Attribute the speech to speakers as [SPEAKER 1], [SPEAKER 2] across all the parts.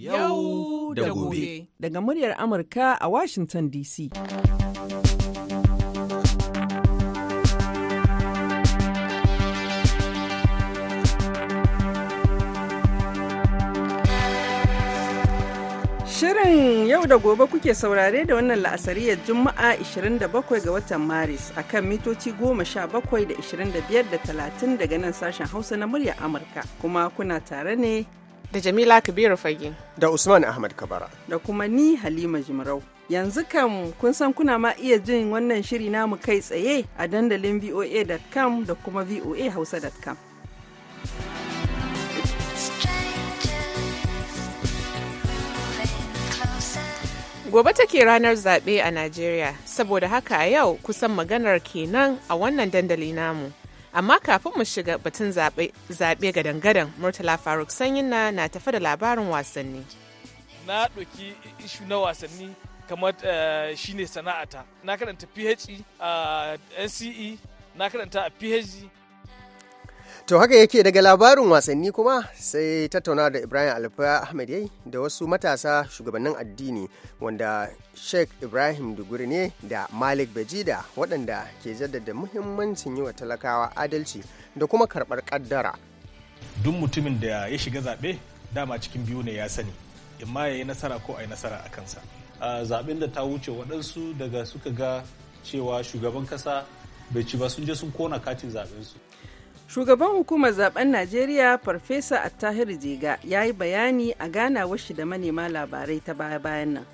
[SPEAKER 1] yau da gobe.
[SPEAKER 2] Daga muryar Amurka a Washington DC. Shirin yau da gobe kuke saurare da wannan la'asariyar Juma'a 27 ga watan Maris a kan mitoci 17 da 25 da 30 daga nan sashen Hausa na muryar Amurka kuma kuna tare ne da Jamila Kabiru Fage.
[SPEAKER 3] Da Usman Ahmad Kabara.
[SPEAKER 2] Da kuma ni Halima Jimrau. Yanzu kam kun san kuna ma iya jin wannan shiri namu kai tsaye a dandalin voa.com da kuma voahausa.com.
[SPEAKER 4] Gobe take ranar zaɓe a Najeriya, saboda haka a yau kusan maganar kenan a wannan dandali namu. amma kafin mu shiga batun zaɓe ga dangadan murtala faruk sanyin na na tafi da labarin wasanni
[SPEAKER 5] na ɗauki ishu na wasanni kamar eh, shine sana'ata na karanta phd a e, eh, nce na karanta a phd e,
[SPEAKER 3] To haka yake daga labarin wasanni kuma sai tattauna da Ibrahim Alfa Ahmed yayi da wasu matasa shugabannin addini wanda Sheikh Ibrahim Duguri ne da Malik Bejida, waɗanda ke jaddada muhimmancin yi wa talakawa adalci da kuma karɓar ƙaddara.
[SPEAKER 1] Duk mutumin da ya shiga zaɓe dama cikin biyu ne ya sani, in ma ya yi nasara ko a yi nasara
[SPEAKER 6] a kansa. Zaɓen da ta wuce waɗansu daga suka ga cewa shugaban ƙasa bai ci ba sun je sun kona katin zaɓensu. su.
[SPEAKER 2] Shugaban hukumar zaben Najeriya Farfesa attahir Jega ya yi bayani a ganawar shi da manema labarai ta baya-bayan
[SPEAKER 7] nan.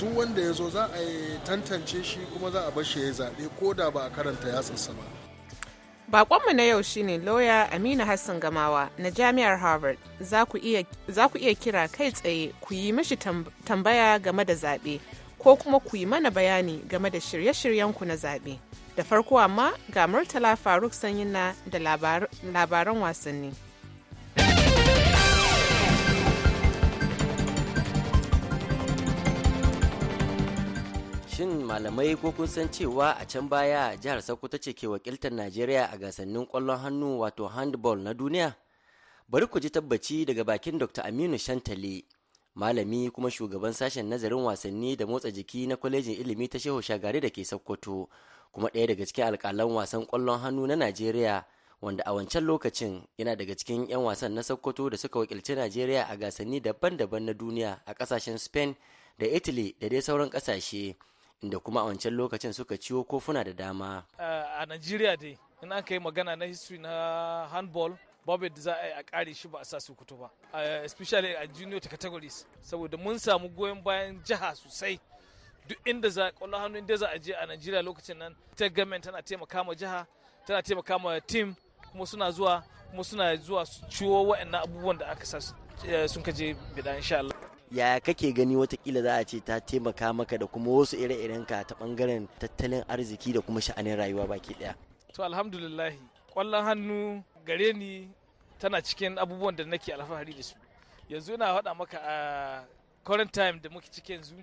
[SPEAKER 7] Duk wanda ya zo za a yi tantance shi kuma za a bashi ya zaɓe ko da ba a karanta yatsunsa ba.
[SPEAKER 4] Bakonmu na yau shine lauya Aminu Hassan Gamawa na Jami'ar Harvard za ku iya kira kai tsaye ku yi mashi tambaya game da zaɓe ko kuma ku yi mana bayani game da shirye-shiryenku na zaɓe. Da farko amma ga Murtala Faruk Sanyina da labaran wasanni.
[SPEAKER 3] shin malamai ko kun san cewa a can baya jihar sokoto ce ke wakiltar najeriya a gasannin kwallon hannu wato handball na duniya bari ku ji tabbaci daga bakin dr aminu shantale malami kuma shugaban sashen nazarin wasanni da motsa jiki na kwalejin ilimi ta shehu shagari da ke sokoto kuma ɗaya daga cikin alƙalan wasan ƙwallon hannu na Najeriya wanda a wancan lokacin yana daga cikin 'yan wasan na Sokoto da suka wakilci Najeriya a gasanni daban-daban na duniya a ƙasashen Spain da Italy da dai sauran ƙasashe inda kuma a wancan lokacin suka ciwo kofuna da dama.
[SPEAKER 5] A Najeriya dai in aka yi magana na history na handball babu yadda za a yi a kare shi ba a sa su kutu ba especially a junior categories saboda mun samu goyon bayan jiha sosai duk inda za kwallo hannu inda za a je a Najeriya lokacin nan ta gamen tana taimaka ma jiha tana taimaka ma tim kuma suna zuwa kuma suna zuwa su ciwo waɗannan abubuwan da aka sa eh, sun kaje bida insha Allah
[SPEAKER 3] ya kake gani watakila za a ce ta taimaka maka da kuma wasu ire-iren ka ta bangaren tattalin arziki da kuma sha'anin rayuwa baki ɗaya.
[SPEAKER 5] to alhamdulillah kwallon hannu gare ni tana cikin abubuwan da nake alfahari da su yanzu ina faɗa maka a current time da muke ciki yanzu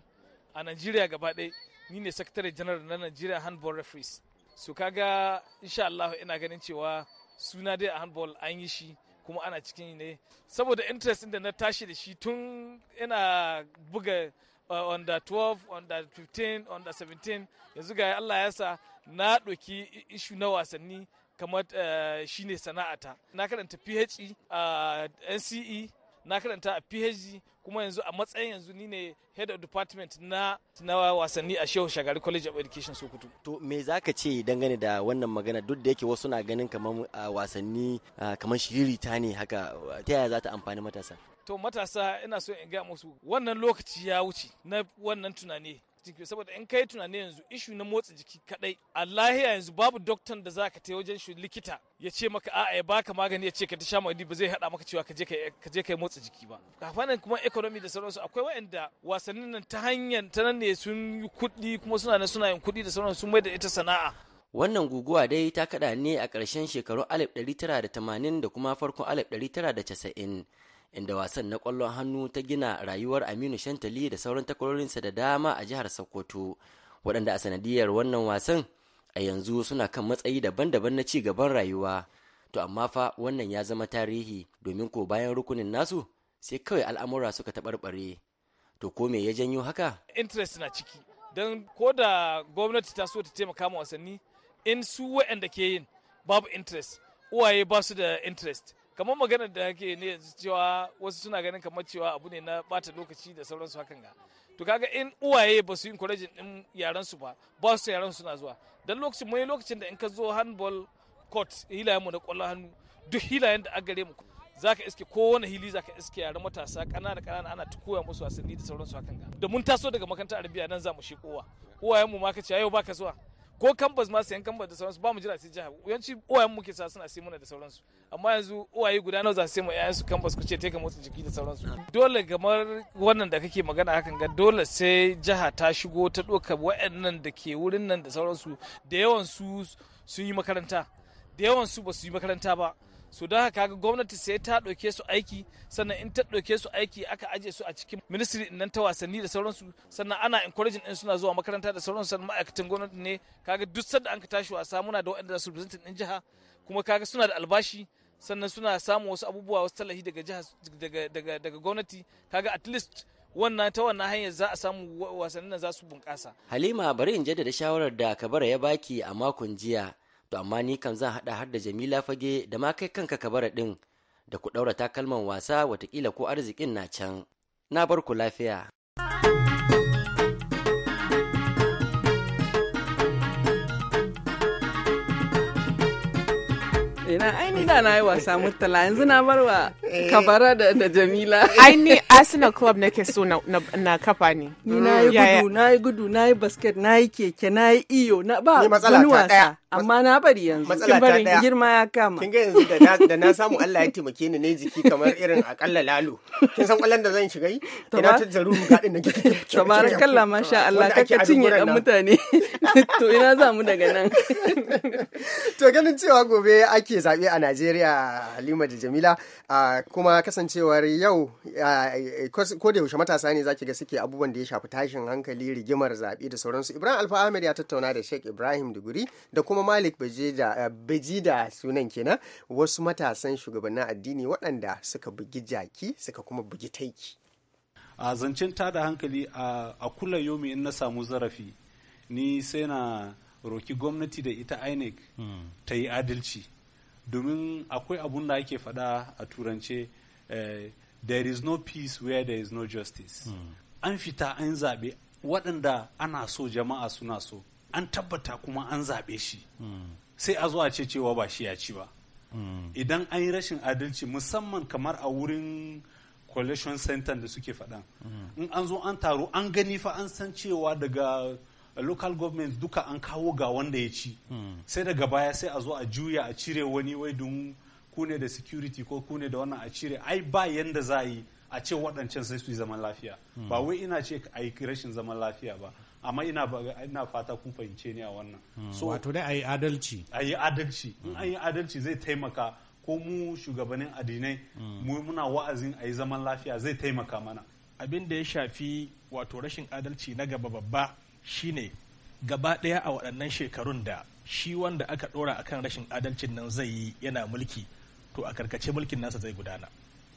[SPEAKER 5] a Najeriya gaba ɗaya ni ne sakatare janar na Najeriya handball referees so kaga insha Allah ina ganin cewa suna dai a handball an yi shi kuma ana cikin ne saboda interest da na tashi da shi tun ina buga uh, under 12 under 15 under 17 yanzu ga Allah ya sa na ɗauki ishu na wasanni kamar uh, shine sana'ata na karanta PhD a e, uh, NCE na karanta a PhD e, kuma yanzu a matsayin yanzu ni ne head of department na na wasanni a shehu shagari college of education sokoto
[SPEAKER 3] to me zaka ce dangane da wannan magana duk da yake wasu na ganin kamar wasanni kamar ta ne haka ta yaya za ta amfani matasa
[SPEAKER 5] to matasa ina so in ga musu wannan lokaci ya wuce na wannan tunani jiki saboda in kai tunani yanzu ishu na motsa jiki kadai a lahiya yanzu babu doktan da zaka ta wajen shi likita ya ce maka a'a ya baka magani ya ce ka ta sha mai ba zai hada maka cewa ka je ka je kai motsa jiki ba kafanan kuma economy da sauransu akwai waɗanda wasannin nan ta hanyar ta nan ne sun yi kuɗi kuma suna nan suna yin kuɗi da sauransu sun mai da ita sana'a
[SPEAKER 3] wannan guguwa dai ta kada ne a ƙarshen shekarun 1980 da kuma farkon 1990 inda wasan na kwallon hannu ta gina rayuwar aminu shantali da sauran takwarorinsa da dama a jihar sokoto waɗanda a sanadiyar wannan wasan a yanzu suna kan matsayi daban-daban na ci gaban rayuwa to amma fa wannan ya zama tarihi domin ko bayan rukunin nasu sai kawai al'amura suka taɓarɓare to ko me ya janyo haka
[SPEAKER 5] interest na ciki don ko da gwamnati ta so ta taimaka ma wasanni in su waɗanda ke yin babu interest uwaye ba su da interest kamar magana da ake ne cewa wasu suna ganin kamar cewa abu ne na bata lokaci da sauransu hakan ga to kaga in uwaye ba su yi kwalejin din yaran su ba ba su yaran suna zuwa dan lokacin mai lokacin da in ka zo handball court hilayen mu na kwallon hannu duk hilayen da gare mu zaka iske wani hili zaka iske yaran matasa kanana kanana ana tukuya musu wasanni da sauransu hakan ga da mun taso daga makarantar arabiya nan za mu shi kowa uwayen mu ma ka ce yau baka zuwa ko kambas ma sayan kambas da sauransu ba mu jira sai jiha yawanci uwayen muke sa suna sai mana da sauransu amma yanzu uwaye guda nawa za su sai mu yayansu kambas ku ce te ka motsa jiki da sauransu dole kamar wannan da kake magana hakan ga dole sai jiha ta shigo ta doka wayannan da ke wurin nan da sauransu da yawan su sun yi makaranta da yawan su ba su yi makaranta ba su da haka ga gwamnati sai ta ɗauke su aiki sannan in ta ɗauke su aiki aka aje su a cikin ministry nan ta wasanni da sauransu sannan ana encouraging din suna zuwa makaranta da sauransu sannan ma'aikatan gwamnati ne kaga duk sanda an ka tashi wasa muna da waɗanda su representing din jiha kuma kaga suna da albashi sannan suna samun wasu abubuwa wasu tallafi daga jiha daga daga daga gwamnati kaga at least wannan ta wannan hanyar za a samu wasannin za su bunƙasa.
[SPEAKER 3] Halima bari in jaddada shawarar da Kabara ya baki a makon jiya to amma ni kam zan haɗa har da jamila fage da ma kai kanka kabara ɗin da ku ɗaura takalman wasa watakila ko arzikin na can na bar ku lafiya
[SPEAKER 4] ina da na yi wasa murtala yanzu na bar wa eh. kabara da jamila ai ni arsenal club nake so na kafa ne ni
[SPEAKER 3] na yi gudu
[SPEAKER 2] na yi gudu na yi basket na yi keke na yi iyo na ba wani wasa
[SPEAKER 3] amma na bari yanzu kin bari girma ya kama kin ga yanzu da na samu Allah ya taimake ni ne jiki kamar irin akalla lalo kin san kwallon da zan shiga yi ina ta zaru ga din nake tabarakallah masha Allah kaka cinye dan mutane to ina za mu daga nan to ganin cewa gobe ake zabe a Najeriya Halima da Jamila kuma kasancewar yau ko da yaushe matasa ne zaki ga suke abubuwan da ya shafi tashin hankali rigimar zaɓe da sauransu. Ibrahim Alfa Ahmed ya tattauna da Sheikh Ibrahim Duguri da kuma Malik Bajida sunan kenan wasu matasan shugabannin addini waɗanda suka bugi jaki suka kuma bugi taiki.
[SPEAKER 6] a zancen tada hankali a kula yomi in na samu zarafi ni sai na roki gwamnati da ita inec hmm. ta yi adalci domin akwai abun da ake faɗa a turance eh, there is no peace where there is no justice hmm. an fita an zaɓe waɗanda ana so jama'a suna so an tabbata kuma an zaɓe shi hmm. sai a zo a ce cewa ba shi ya ci ba hmm. idan an yi rashin adalci musamman kamar a wurin collection center da suke faɗan in an zo an taro an gani fa an san cewa daga local government duka an kawo ga wanda ya ci sai daga baya sai a zo a juya a cire wani wai don kune da security ko kune da wannan a cire ai ba yanda za yi a ce waɗancan sai su yi zaman lafiya hmm. ba wai ina ce a yi rashin zaman lafiya ba amma ina fata kun fahimce ni a wannan hmm, so wato dai a yi adalci a yi adalci in an yi hmm. adalci zai taimaka ko mu shugabannin addinai mu muna wa'azin a yi zaman lafiya zai taimaka mana abin da ya shafi wato rashin
[SPEAKER 1] adalci na gaba babba shine gaba ɗaya a waɗannan shekarun da shi wanda aka ɗora a kan rashin adalcin nan zai yi yana mulki to a karkace mulkin nasa zai gudana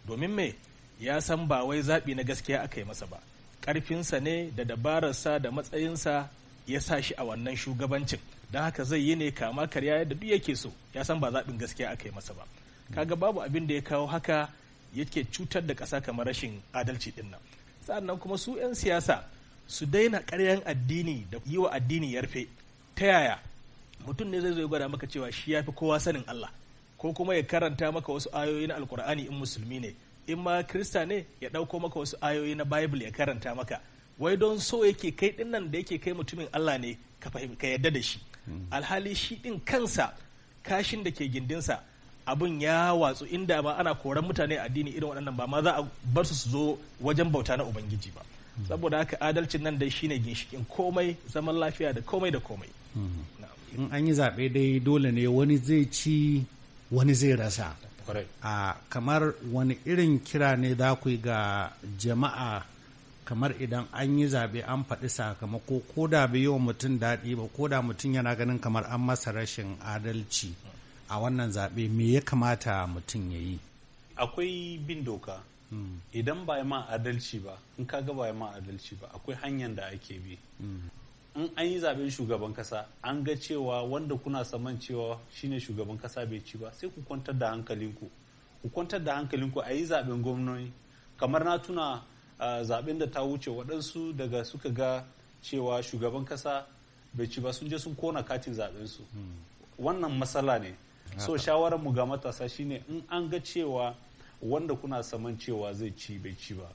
[SPEAKER 1] domin me ya san ba wai zaɓi na gaskiya aka yi masa ba ƙarfinsa ne da dabararsa da matsayinsa ya sa shi a wannan shugabancin don haka zai yi ne kama karya yadda duk yake so ya san ba zaɓin gaskiya aka yi masa ba kaga babu abin da ya kawo haka yake cutar da ƙasa kamar rashin adalci ɗin nan sa'annan kuma su 'yan siyasa su daina karyan addini da yi wa addini rufe ta yaya mutum ne zai zo gwada maka cewa shi ya fi kowa sanin Allah ko kuma ya karanta maka wasu ayoyi na alkur'ani in musulmi ne in ma krista ne ya ɗauko maka wasu ayoyi na bible ya karanta maka wai don so yake kai din nan da yake kai mutumin Allah ne ka fahimta yadda da shi hmm. alhali shi din kansa kashin da ke gindinsa abun ya watsu inda ma ana koran mutane addini irin waɗannan ba ma za a bar su su zo wajen bauta na ubangiji ba saboda haka adalcin nan dai shine ginshikin komai zaman lafiya da komai da komai in an yi zaɓe dai dole ne wani zai ci wani zai rasa a kamar wani irin kira ne za ku yi ga jama'a kamar idan an yi zaɓe an faɗi sakamako ko da bai yi wa mutum daɗi ba ko da mutum yana ganin kamar an masa rashin adalci a wannan zaɓe me ya kamata mutum ya yi
[SPEAKER 6] akwai bin doka idan ba ma adalci ba in ka ga ba ma adalci ba akwai hanyar da ake bi in an yi zaben shugaban kasa an ga cewa wanda kuna saman cewa shine shugaban kasa bai ci ba sai ku kwantar da hankalinku ku kwantar da hankalinku a yi zaben gwamnoni kamar na tuna zaben da ta wuce waɗansu daga suka ga cewa shugaban kasa bai ci ba sun je sun kona katin zaben su wannan matsala ne so shawarar mu ga matasa shine in an ga cewa wanda kuna saman cewa zai ci bai ci ba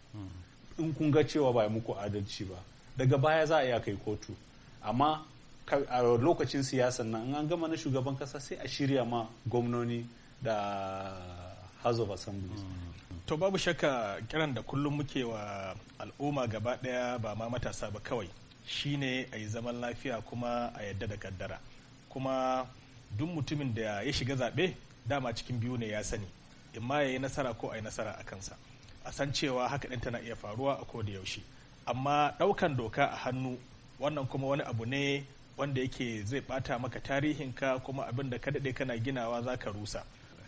[SPEAKER 6] in kun ga cewa ba muku adalci ba daga baya za a iya kai kotu amma a lokacin siyasan nan in an gama na shugaban kasa sai a shirya ma gwamnoni da House of Assembly. To babu shakka kiran da kullum muke wa al'umma gaba ɗaya ba ma matasa
[SPEAKER 1] ba kawai shine a yi zaman lafiya kuma a yadda da kaddara kuma duk mutumin da ya shiga zaɓe dama cikin biyu ne ya sani imma ya yi nasara ko a yi nasara a kansa a san cewa haka ɗin tana iya faruwa a ko da yaushe amma ɗaukan doka a hannu wannan kuma wani abu ne wanda yake zai ɓata maka tarihinka
[SPEAKER 6] kuma abin da ka daɗe kana ginawa za ka rusa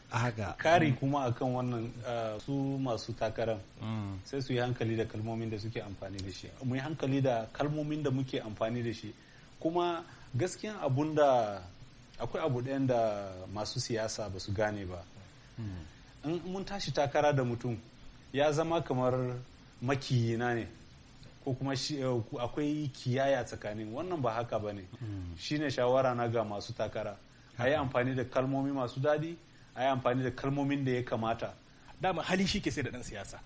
[SPEAKER 6] haka kari um, kuma akan wannan uh, su masu takarar mm. sai su yi hankali da kalmomin da suke amfani da shi mu yi hankali da kalmomin da muke amfani da shi kuma gaskiyan abun da akwai abu ɗayan da masu siyasa ba su gane ba mm. in mun tashi takara da mutum ya zama kamar makiyina ne ko kuma eh, akwai kiyaya tsakanin wannan ba haka ba ne hmm. shine shawara na ga masu takara a yi amfani da kalmomi masu daɗi a yi amfani da kalmomin da ya kamata dama hali shi ke sai da ɗan siyasa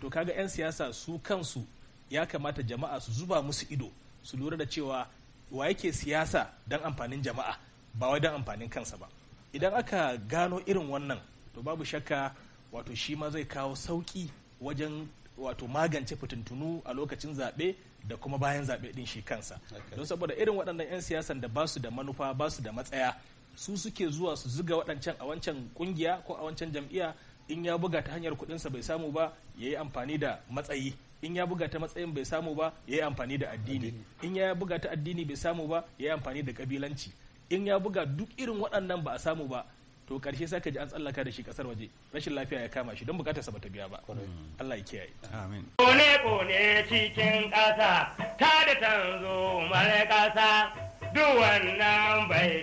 [SPEAKER 6] to kaga 'yan siyasa su kansu ya kamata jama'a su
[SPEAKER 1] zuba musu ido su lura da cewa wa yake siyasa don amfanin jama'a ba wai don amfanin kansa ba idan aka gano irin wannan to babu shakka wato shi ma zai kawo sauki wajen wato magance fitintunu a lokacin zaɓe da kuma bayan zaɓe ɗin shi kansa don saboda irin waɗannan 'yan siyasan da basu da manufa basu da matsaya su suke zuwa su zuga waɗancan a wancan ƙungiya ko a wancan jam'iyya in ya buga ta hanyar kuɗinsa bai samu ba ya yi amfani da matsayi in ya buga ta matsayin bai samu ba ya yi amfani da addini in ya buga ta addini bai samu ba ya yi amfani da kabilanci in ya buga duk irin waɗannan ba a samu ba to karshe saka ji an tsallaka da shi kasar waje rashin lafiya ya kama shi don bukatarsa bata biya ba Allah ya kiyaye amin
[SPEAKER 8] kone kone cikin kasa ta da tanzo mare kasa duwannan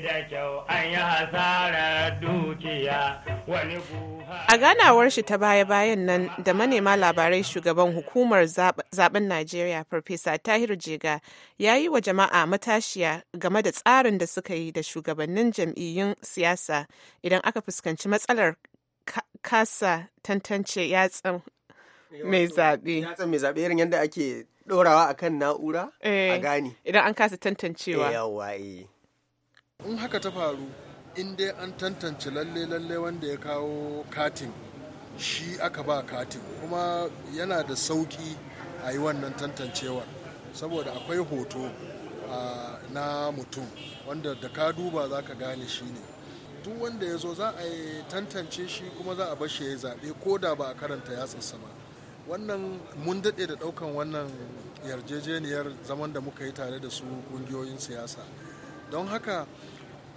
[SPEAKER 8] da kyau
[SPEAKER 3] an yi dukiya
[SPEAKER 4] A ganawar shi ta baya-bayan nan da manema labarai shugaban hukumar zaben Najeriya Farfesa Tahir Jega ya yi wa jama'a matashiya game da tsarin da suka yi da shugabannin jam'iyyun siyasa idan aka fuskanci matsalar kasa tantance yatsan
[SPEAKER 3] mai zaɓe. Yatsan mai zaɓe irin yadda ake
[SPEAKER 4] ɗorawa a kan na'ura a eh, gane idan an kasa tantancewa eh,
[SPEAKER 3] yawa eh.
[SPEAKER 4] in haka ta faru
[SPEAKER 7] in dai an tantance lalle lalle wanda ya kawo katin shi aka ba katin kuma yana da sauki a yi wannan tantancewar, saboda akwai hoto na mutum wanda da ka duba za ka gane shi ne duk wanda ya zo za a tantance shi kuma za a bar shi ya zaɓe ko da ba a karanta yatsa sama. wannan mun daɗe da ɗaukan wannan yarjejeniyar zaman da muka yi tare da su ƙungiyoyin siyasa don haka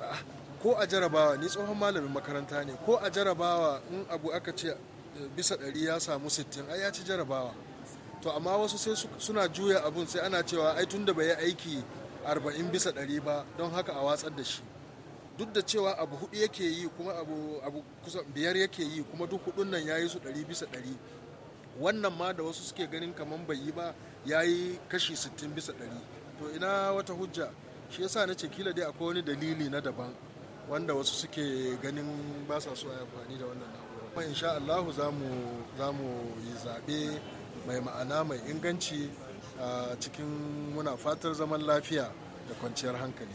[SPEAKER 7] ah, ko a jarabawa ni tsohon malamin makaranta ne ko a jarabawa in abu aka ce eh, bisa ɗari ya samu sittin ai ya ci jarabawa to amma wasu sai suna juya abun sai ana cewa ai tun da bai yi aiki arba'in bisa ɗari ba don haka a watsar da shi duk da cewa abu hudu yake yi kuma abu, abu kusan biyar yake yi kuma duk hudun nan ya yi su ɗari bisa ɗari wannan ma da wasu suke ganin kamar bai yi ba ya yi kashi 60 bisa 100 to ina wata hujja shi yasa na ce kila dai akwai wani dalili na daban wanda wasu suke ganin ba sa so a amfani da wannan na'ura sha Allahu za mu yi zaɓe mai ma'ana mai inganci a cikin muna fatar zaman lafiya da kwanciyar hankali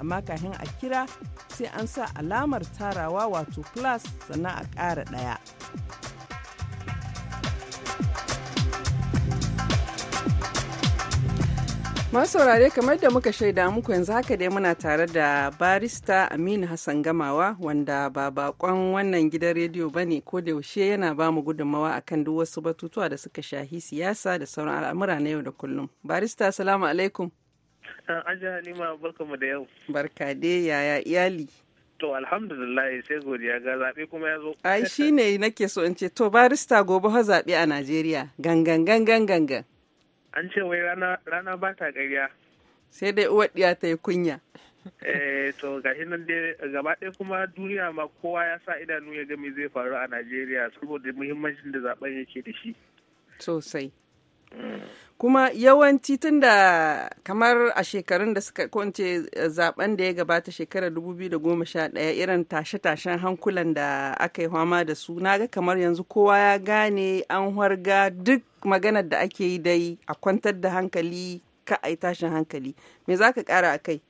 [SPEAKER 2] amma kafin a kira sai an sa alamar tarawa wato plus sannan a ƙara ɗaya. saurare kamar da muka shaida muku yanzu haka dai muna tare da barista aminu hassan gamawa wanda ba bakon wannan gidan rediyo ba ne ko da yaushe yana ba mu gudunmawa akan duk wasu batutuwa da suka shahi siyasa da sauran al'amura na yau da kullum barista salamu alaikum
[SPEAKER 8] Aja Halima mu da yau.
[SPEAKER 2] Barka dai yaya iyali.
[SPEAKER 8] To alhamdulillah sai godiya ga zaɓe kuma ya zo. Ai
[SPEAKER 2] shi ne nake so in ce to barista gobe ha zaɓe a Najeriya gangan gangan gangan.
[SPEAKER 8] An ce wai rana rana ba ta ƙarya.
[SPEAKER 2] Sai dai uwar ɗiya ta yi kunya.
[SPEAKER 8] Eh to gashi nan dai gaba ɗaya kuma duniya ma kowa ya sa idanu ya ga me zai faru a Najeriya saboda muhimmancin da zaɓen yake da shi.
[SPEAKER 2] Sosai. kuma yawanci tun da kamar a shekarun da suka kwance eh, zaben da ya gabata shekarar 2011 irin tashe-tashen hankulan da aka yi fama da su naga kamar yanzu kowa ya gane an harga duk maganar da ake yi dai a kwantar da hankali ka a tashin hankali me za ka kara a kai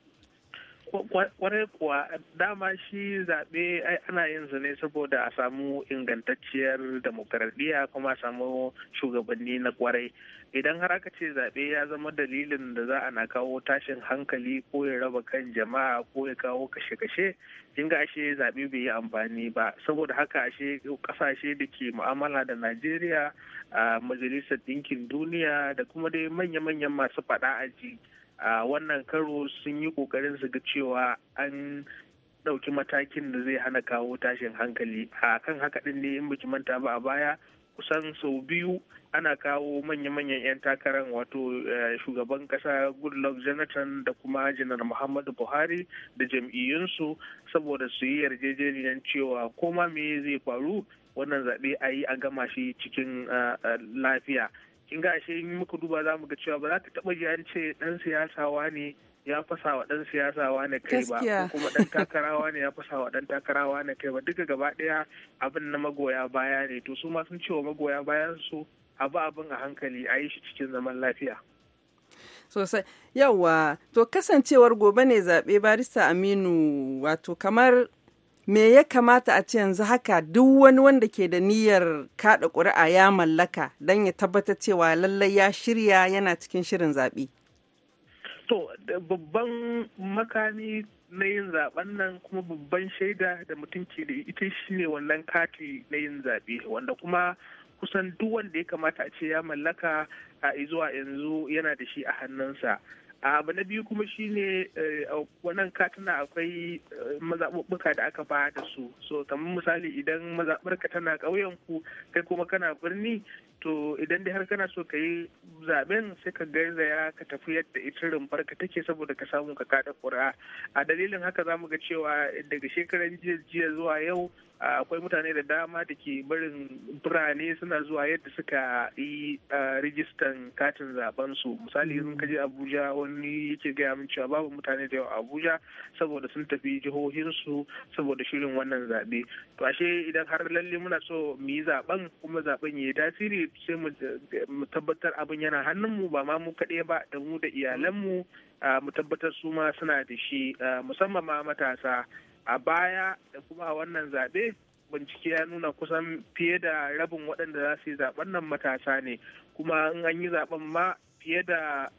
[SPEAKER 8] kwarai kuwa dama shi zaɓe ana yin su ne saboda a samu ingantacciyar demokaradiyya kuma a samu shugabanni na kwarai idan har aka ce zaɓe ya zama dalilin da za a na kawo tashin hankali ko ya raba kan jama'a ko ya kawo kashe-kashe kin ga ashe zaɓe bai yi amfani ba saboda haka ashe kasashe da ke mu'amala da najeriya a majalisar ɗinkin duniya da kuma dai manya-manyan masu faɗa a ji a wannan karo sun yi kokarin su ga cewa an ɗauki matakin da zai hana kawo tashin hankali a kan haka ɗin ne in biki manta ba a baya kusan sau biyu ana kawo manya-manyan 'yan takarar wato eh, shugaban kasa goodluck jonathan da kuma janar muhammadu buhari da jam'iyyunsu saboda su yi yarjejeniyar cewa koma me zai faru wannan zaɓe a yi a gama shi cikin eh, eh, lafiya kin ga ashe in muka duba za mu ga cewa ba za ta taba ji ce dan siyasawa ne ya fasa wa dan siyasawa ne kai ba ko kuma dan takarawa ne ya fasa wa dan takarawa ne kai ba duka gaba ɗaya abin na magoya baya ne to su ma sun ce wa magoya bayan su a ba abin a hankali a yi shi cikin zaman lafiya
[SPEAKER 2] sosai yawa to kasancewar gobe ne zaɓe barista aminu wato kamar me ya kamata a ce yanzu haka duk wani wanda ke da niyyar kada ƙuri'a ya mallaka don ya tabbatar cewa lallai ya shirya yana cikin shirin zaɓe?
[SPEAKER 8] To, babban makami na yin zaɓen nan kuma babban shaida da mutum ke da ita shi ne wannan kati na yin zaɓe wanda kuma kusan duk wanda ya kamata a ce ya mallaka a zuwa yanzu yana da shi a hannunsa. abu na biyu kuma shine eh, wannan katina akwai eh, mazaɓuɓɓuka da aka ba da su so kamar misali idan mazaɓarka tana ƙauyen ku kai kuma kana birni to idan dai har kana so ka yi zaɓen sai ka garzaya ka tafi yadda ita rumbar ka take saboda ka samu ka kada ƙuri'a a dalilin haka za mu ga cewa daga shekaran jiya zuwa yau akwai mutane da dama da ke barin birane suna zuwa yadda suka yi rijistan katin zaben su misali sun je abuja wani yake gaya min cewa babu mutane da yawa abuja saboda sun tafi jihohin su saboda shirin wannan zaɓe to ashe idan har lalle muna so mu yi zaben kuma zaben ya yi tasiri sai mu tabbatar abin yana hannun mu ba ma mu kaɗai ba da mu da iyalan mu mu tabbatar su ma suna da shi musamman ma matasa a baya da kuma a wannan zaɓe bincike ya nuna kusan fiye da rabin waɗanda za su yi zaɓen nan matasa ne kuma in an yi zaɓen ma fiye da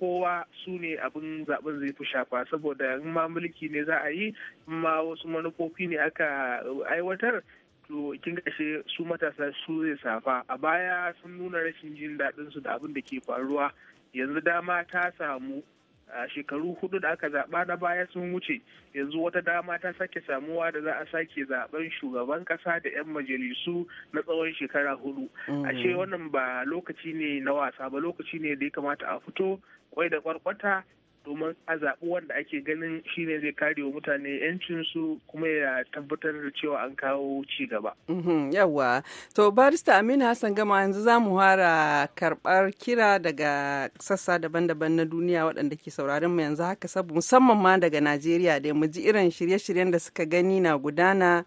[SPEAKER 8] kowa su ne abin zaɓen zai fi shafa saboda in ma mulki ne za a yi in ma wasu manufofi ne aka aiwatar to kin gashe su matasa su zai safa a baya sun nuna rashin jin daɗin su da abin da ke faruwa yanzu dama ta samu a shekaru hudu da aka zaɓa na baya sun wuce yanzu wata dama ta sake samuwa da za a sake zaben shugaban ƙasa da 'yan majalisu na tsawon shekara hudu mm. ashe wannan ba lokaci ne na wasa ba lokaci ne da ya kamata a fito kwai da kwarkwata domin a zaɓi wanda ake ganin shine zai kare wa mutane 'yancinsu kuma ya tabbatar da cewa an kawo ci gaba.
[SPEAKER 2] Mhm, yawwa, to barista Aminu Hassan gama yanzu za mu fara karɓar kira daga sassa daban-daban na duniya waɗanda ke sauraron mu yanzu haka sabu musamman ma daga Najeriya da mu ji irin shirye-shiryen da suka gani na gudana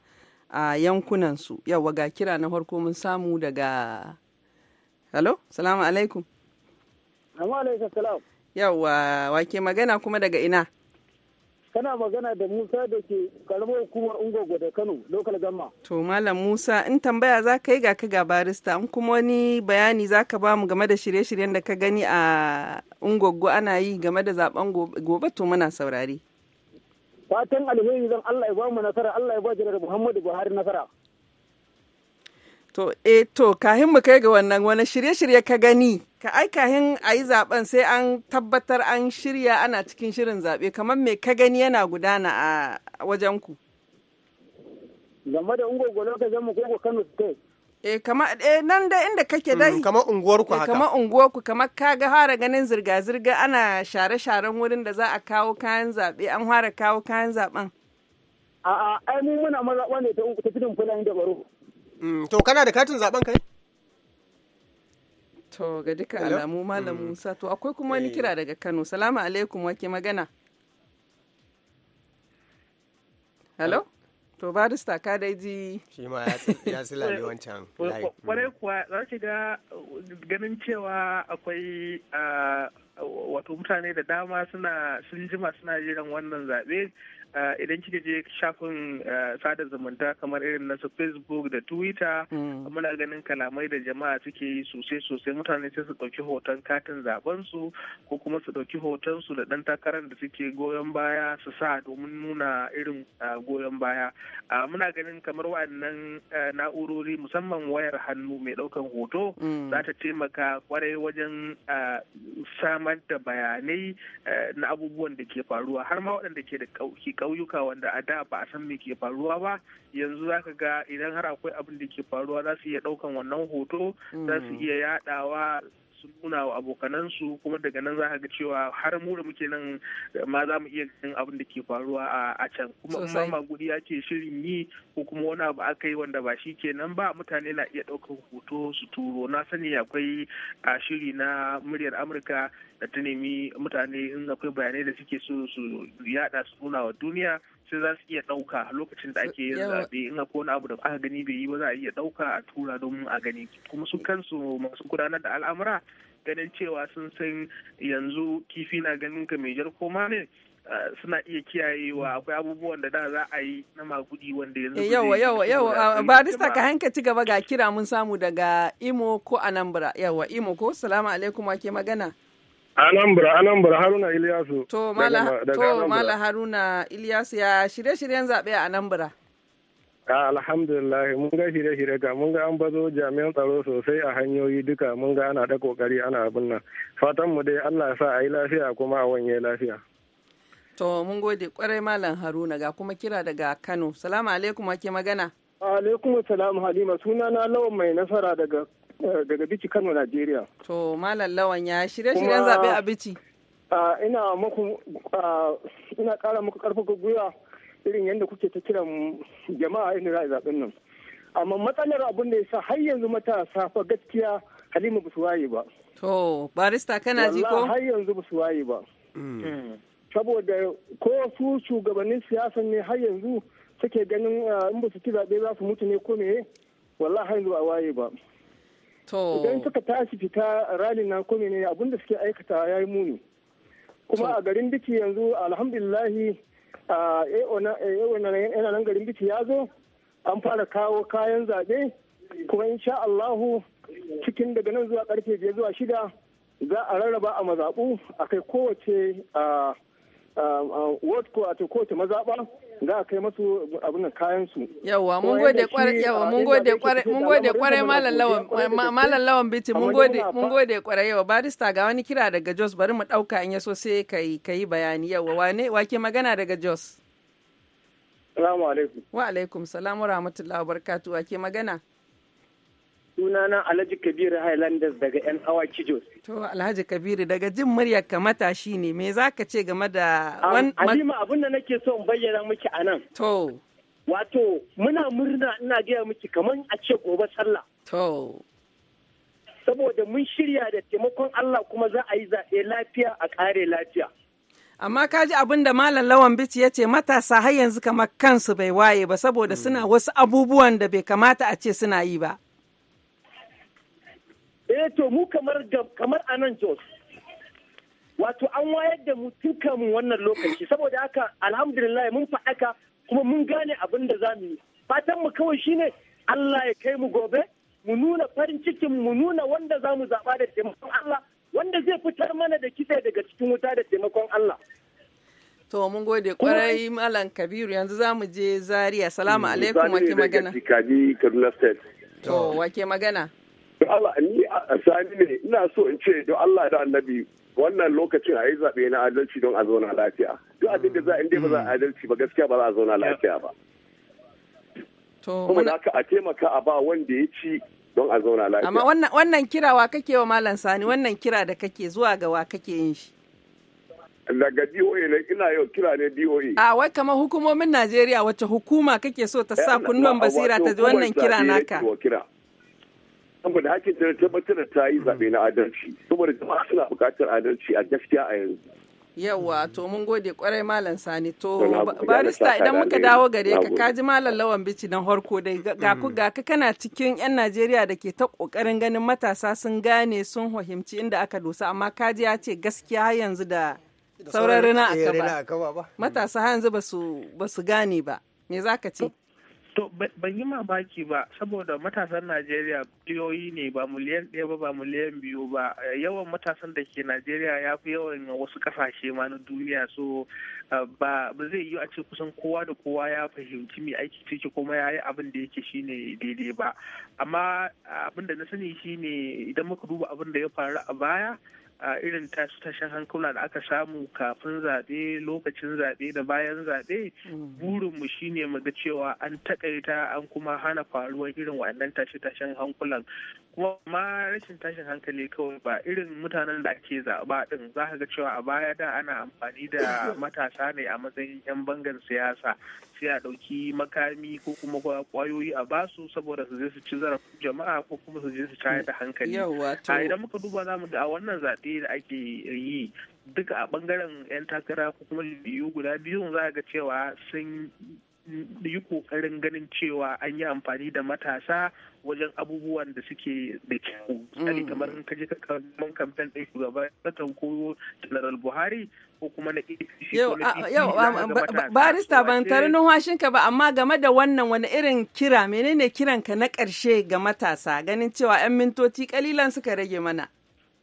[SPEAKER 2] a yankunan su Yawwa ga kira na farko mun samu daga Hello, salamu alaikum.
[SPEAKER 8] Salamu alaikum salamu.
[SPEAKER 2] Yawwa wake magana kuma daga ina?
[SPEAKER 8] Kana magana da Musa da ke karamar hukumar Ungogo da Kano, lokal gamma.
[SPEAKER 2] To Malam Musa, in tambaya za ka yi ga ka ga barista, in kuma wani bayani za ka mu game da shirye-shiryen da ka gani a Ungogo ana yi game da zaben gobe to muna saurari.
[SPEAKER 8] Fatan alheri zan Allah ya bamu nasara, Allah ya ba jirar Muhammadu Buhari nasara.
[SPEAKER 2] To, eh to, kahin mu kai ga wannan wani shirye-shirye ka gani ka aikahin a yi zaben sai an tabbatar an shirya ana cikin shirin zaɓe kamar me ka gani yana gudana a wajen ku game da ungogo lokacin mu koko kano state eh kama eh nan da inda kake dai
[SPEAKER 3] hmm, kama unguwar ku eh, haka kama
[SPEAKER 2] unguwar ku kama ga fara ganin zirga zirga ana share sharen wurin da za a kawo kayan zaɓe an fara kawo kayan zaben
[SPEAKER 8] a'a ai mu muna
[SPEAKER 3] mazaɓa ne ta ta tudun fulani da baro hmm, to kana da katin zaben kai
[SPEAKER 2] To ga duka alamu Malam mm. Musa to akwai kuma wani eh. kira daga Kano. Salamu alaikum wake magana. Hello? To da
[SPEAKER 8] staka dai ji. Shi ma ya sila wancan. Mm. Kwarai kuwa za ki ga uh, ganin cewa akwai uh, wato mutane da dama suna sun jima suna jiran wannan zaɓe Eh, idan kika je shafin eh, sada zumunta kamar irin nasu facebook da twitter mm. muna ganin kalamai da jama'a suke yi sosai sosai mutane sai su ɗauki hoton katin zaben su ko kuma su ɗauki hoton su da ɗan takarar da suke goyon baya su sa domin nuna irin eh, goyon baya muna ganin kamar waɗannan na'urori musamman wayar hannu mai ɗaukan hoto mm. za ta taimaka kwarai wajen samar da bayanai na abubuwan da ke faruwa har ma waɗanda ke da ƙauyuka wanda a da ba a san me ke faruwa ba yanzu za ka ga idan har akwai abin da ke faruwa za su iya ɗaukan wannan hoto za su mm. iya yaɗawa suna wa abokanansu kuma daga nan za ka ga cewa har mu da muke nan ma za mu iya ganin abin da ke faruwa a can kuma in ma magudi ya ce shirin yi ko kuma wani abu aka yi wanda ba shi kenan ba mutane na iya ɗaukar hoto su turo na sani akwai a shiri na muryar amurka da ta nemi mutane in akwai bayanai da suke so su yada su nuna wa duniya gwamnatoci za su iya ɗauka lokacin da ake yin zaɓe in ga wani abu da aka gani bai yi ba za a iya ɗauka a tura domin a gani kuma su kansu masu gudanar da al'amura ganin cewa sun san yanzu kifi na ganin ka mai koma ne suna iya kiyayewa akwai abubuwan da da za a yi na magudi wanda yanzu eh, yawa yawa yawa barista ka
[SPEAKER 2] hanka ci gaba ga kira mun samu daga imo ko anambra yawa imo ko salamu alaikum wa ke magana
[SPEAKER 8] Anambra, Anambra, Haruna Iliyasu. To, Mala, to, Mala
[SPEAKER 2] Haruna Iliyasu ya shirye-shiryen zaɓe a Anambra.
[SPEAKER 8] Alhamdulillah, mun ga shirye-shirye ka, mun ga an bazo jami'an tsaro sosai a hanyoyi duka, mun ga ana da kokari ana abin nan. Fatan mu dai Allah sa a yi lafiya kuma a wanye lafiya.
[SPEAKER 2] To, mun gode kwarai Malam Haruna ga kuma kira daga Kano. Salamu alaikum wake magana.
[SPEAKER 8] Alaikum salam Halima, sunana Lawan mai nasara daga Eh, daga bici kano najeriya
[SPEAKER 2] to malam lawan ya shirye-shiryen zaɓe a bici ah, ina muku
[SPEAKER 8] ah, ina ƙara muku ƙarfafa gwiwa irin yadda kuke ta kiran jama'a inda za a zaɓen nan amma matsalar abin da ya sa har yanzu matasa fa gaskiya halima ba su waye ba
[SPEAKER 2] to barista kana ji ko har
[SPEAKER 8] yanzu ba su waye ba hmm. saboda ko su shugabannin siyasa ne har yanzu suke ganin ah, in ba su ci zaɓe za su mutu ne ko me wallahi har yanzu ba waye ba Idan suka tashi fita rali na ko menene abin da suke aikata ya yi muni. Kuma a garin biki yanzu alhamdulillahi a eh, eh, eh, yana nan garin biki ya zo an fara kawo kayan zaɓe kuma insha Allahu cikin daga nan zuwa karfe biyar zuwa shida za a rarraba a mazaɓu a kai kowace ward ko a kowace mazaɓa za a kai masu abin kayan su Yawwa mun gode kware yawwa mun gode kware mun gode kware malam lawan
[SPEAKER 2] malam biti mun gode mun gode kware yawwa barista ga wani kira daga Jos bari mu dauka in yaso sai kai kai bayani yawwa wane wake magana daga Jos
[SPEAKER 8] Assalamu alaikum.
[SPEAKER 2] Wa alaikum salam wa rahmatullahi wa barakatuh. wake magana?
[SPEAKER 8] sunana Alhaji Kabiru Highlanders daga 'yan awa Jos.
[SPEAKER 2] To Alhaji Kabiru daga jin muryar ka matashi ne me za ka ce game da wani. abin da nake so in bayyana miki a nan. To. Wato
[SPEAKER 8] muna murna ina gaya miki kamar a ce gobe sallah. To. Saboda mun shirya da taimakon Allah kuma za a yi zaɓe lafiya a ƙare lafiya.
[SPEAKER 2] amma ka ji abin da malam lawan bici ya ce matasa har yanzu kamar kansu bai waye ba saboda suna hmm. wasu abubuwan da bai kamata a ce suna yi ba.
[SPEAKER 8] eh to mu kamar kamar anan Jos wato an wayar da mu tuka mu wannan lokaci saboda haka alhamdulillah mun faɗaka kuma mun gane abin da zamu yi fatan mu kawai shine Allah ya kai mu gobe mu nuna farin cikin mu nuna wanda zamu zaba da taimakon Allah wanda zai fitar mana da kitse daga cikin wuta da taimakon Allah
[SPEAKER 2] To mun gode kwarai Malam Kabiru yanzu zamu je Zaria. Salamu mm, alaikum wake magana.
[SPEAKER 8] To wake magana. don Allah ni a sani ne ina so in ce don Allah da annabi wannan lokacin a yi zaɓe na adalci don a zauna lafiya duk abin da za in dai ba za a adalci ba gaskiya ba za a zauna lafiya ba kuma da a taimaka a ba wanda ya ci don a zauna lafiya amma wannan
[SPEAKER 2] wannan kira wa kake wa malam sani wannan kira da kake zuwa ga wa kake yin shi
[SPEAKER 8] daga DOA ne ina yau kira ne DOA a
[SPEAKER 2] wai kamar hukumomin Najeriya wacce hukuma kake so ta sa eh, kunnuwan basira ta ji wannan kira naka
[SPEAKER 8] saboda hakin da tabbatar da ta yi hmm. zaɓe na adalci saboda jama'a suna buƙatar adalci a gaskiya a yanzu
[SPEAKER 2] yawwa to mun gode kwarai malam sani to barista idan muka dawo gare ka ji malam lawan bici na harko dai ga ku hmm. ga ka kana cikin yan najeriya da ke ta kokarin ganin matasa sun gane sun fahimci inda aka dosa amma kaji ya ce gaskiya yanzu da sauran rina eh, a kaba matasa yanzu ba su gane ba me zaka ce
[SPEAKER 8] To ban yi mamaki ba saboda matasan Najeriya biliyoyi ne ba miliyan ɗaya ba ba miliyan biyu ba yawan matasan da ke Najeriya ya fi yawan wasu ƙasashe ma na duniya so ba zai yi a ce kusan kowa da kowa ya fahimci mai aiki ciki kuma ya yi abin da yake shine daidai ba amma abin da na sani shine idan muka duba abin da ya faru a baya a irin tashin hankula da aka samu kafin zaɓe lokacin zaɓe da bayan zaɓe mm. burin mu shine mu ga cewa an takaita an kuma hana faruwar irin waɗannan tashe-tashen hankulan ma rashin tashin hankali kawai ba irin mutanen da ake zaɓa ɗin za ka ga cewa a baya da ana amfani da matasa ne a matsayin 'yan bangan siyasa sai a ɗauki makami ko kuma kwayoyi a basu saboda su je su ci zarafin jama'a ko kuma su je su tayar da hankali a idan muka duba za mu ga a wannan zaɓe da ake yi duka a bangaren 'yan takara ko kuma biyu guda biyun za ga cewa sun yi kokarin ganin cewa an yi amfani da matasa wajen abubuwan da suke da kyau misali mm. kamar in ka je ka kamar kamfen ɗin shugaba satan general buhari ko kuma na yau barista ban tare
[SPEAKER 2] numfashinka ba amma game da wannan wani irin kira menene kiranka na ƙarshe ga matasa ganin cewa 'yan mintoci kalilan suka rage mana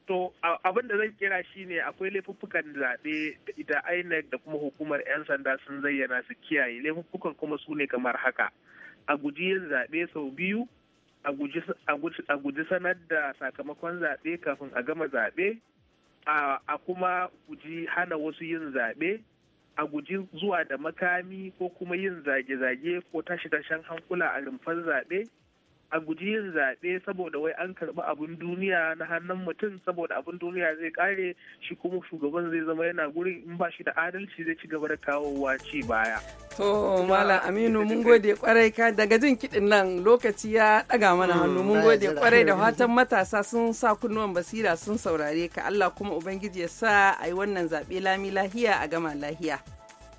[SPEAKER 8] to abin da zan kira shine akwai laifuffukan zaɓe da inec da kuma hukumar 'yan sanda sun zayyana su kiyaye laifuffukan kuma su ne kamar haka a guji yin zaɓe sau biyu a guji sanar da sakamakon zaɓe kafin a gama zaɓe a kuma guji hana wasu yin zaɓe a guji zuwa da makami ko kuma yin zage-zage ko tashi-tashen hankula a rumfar zaɓe a guji yin zaɓe saboda wai an karɓi abin duniya na hannun mutum saboda abin duniya zai kare shi kuma shugaban zai zama yana gurin in ba shi da adalci zai ci gaba da kawowa ci baya.
[SPEAKER 2] To mala Aminu mun gode kwarai ka daga jin kiɗin nan lokaci ya ɗaga mana hmm, hannu mun gode kwarai da fatan matasa sun sa kunnuwan basira sun saurare ka Allah kuma Ubangiji ya sa a yi wannan zaɓe lami lahiya a gama lahiya.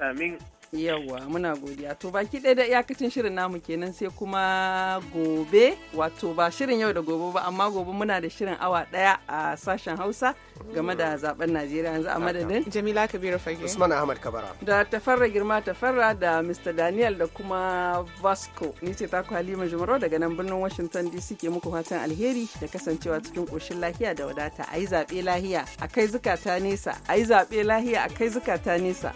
[SPEAKER 2] Amin. Yawwa muna godiya. To baki ɗaya da iyakacin shirin namu kenan sai kuma gobe wato ba shirin yau da gobe ba amma gobe muna da shirin awa ɗaya a sashen Hausa game da zaben Najeriya yanzu a madadin. Jamila Kabiru Fage. Usman Ahmad Kabara. Da Tafarra Girma Tafarra da Mr. Daniel da kuma Vasco. Ni ce taku Halima Jumaro daga nan birnin Washington DC ke muku fatan alheri da kasancewa cikin ƙoshin lahiya da wadata. A yi zaɓe lahiya, a kai zukata nesa, a yi zaɓe lahiya, a kai zukata nesa.